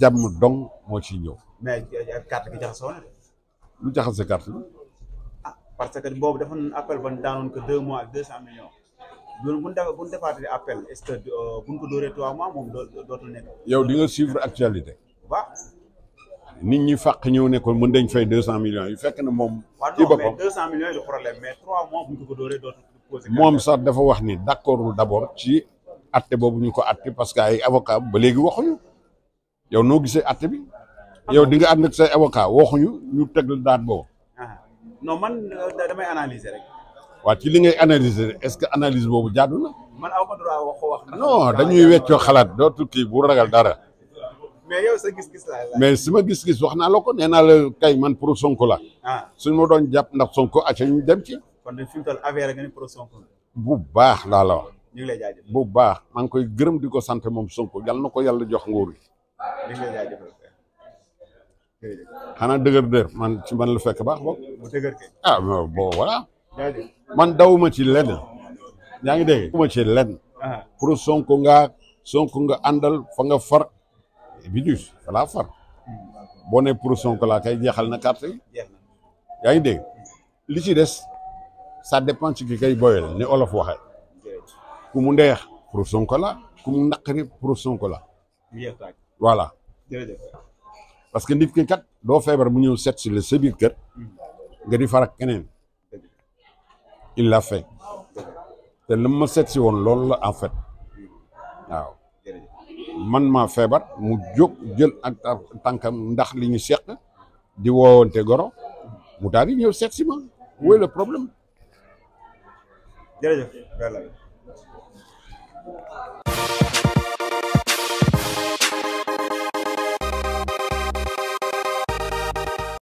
jàmm dong moo ciy ñëw. mais euh, euh, carte gi jaxasoo na de. lu jaxase carte bi. ah parce que boobu dafa doon appel ba daanoon que deux mois ak deux cent millions. loolu bu ñu defee bu ñu defaatee appel est ce que euh, bu ñu ko yow di nga suivre actualité. waaw. nit ñi fàq ñëw ne mun mën dañ fay deux cent millions yu fekk na moom. ci boppam mais deux cent moom sax dafa wax ni d' accordul d' abord ci atte boobu ñu ko atte parce que ay avocat ba léegi waxuñu. yow noo gisee àtte bi yow di nga ànd ak say avocat waxuñu ñu teg la daan boobu. Ah. non man euh, damay analyser rek. waaw ci li ngay analyser est-ce que analyse boobu jaadu na. man ma dañuy weccoo xalaat dootul kii bu ragal dara. mais su ma gis-gis wax naa la ko nee naa la kay man pour sonk la. Ah. suñ ma doon jàpp ndax Sonko ak ñu dem ci. kon fi affaire pro Sonko bu baax laa la wax. bu baax maa ngi koy gërëm di ko sant moom Sonko yal na ko yàlla jox nguur yi xana dëgër de man ci man lu fekk baax bok ah bo voilà man dawuma ci lenn ya ngi dégg dawuma ci lenn ah. pour sonko nga sonko nga andal fa nga far bidus dus la far hmm. boo ne pour sonko la kay jeexal na carte ya ngi dégg li ci dess ça dépend ci kay boyel ni olof waxe ku mu ndex pour sonko la ku mu naqari pour sonko la voilà jërëjëf parce que nit ki kat doo feebar mu ñëw seet si la sa biir kër nga di farak keneen il l'a fait te lam ma seet si woon loolu la en fait waaw man maa feebar mu jóg jël ak tànkam ndax li ñu seq di woowante goro mu daal di ñëw seet ma où est problème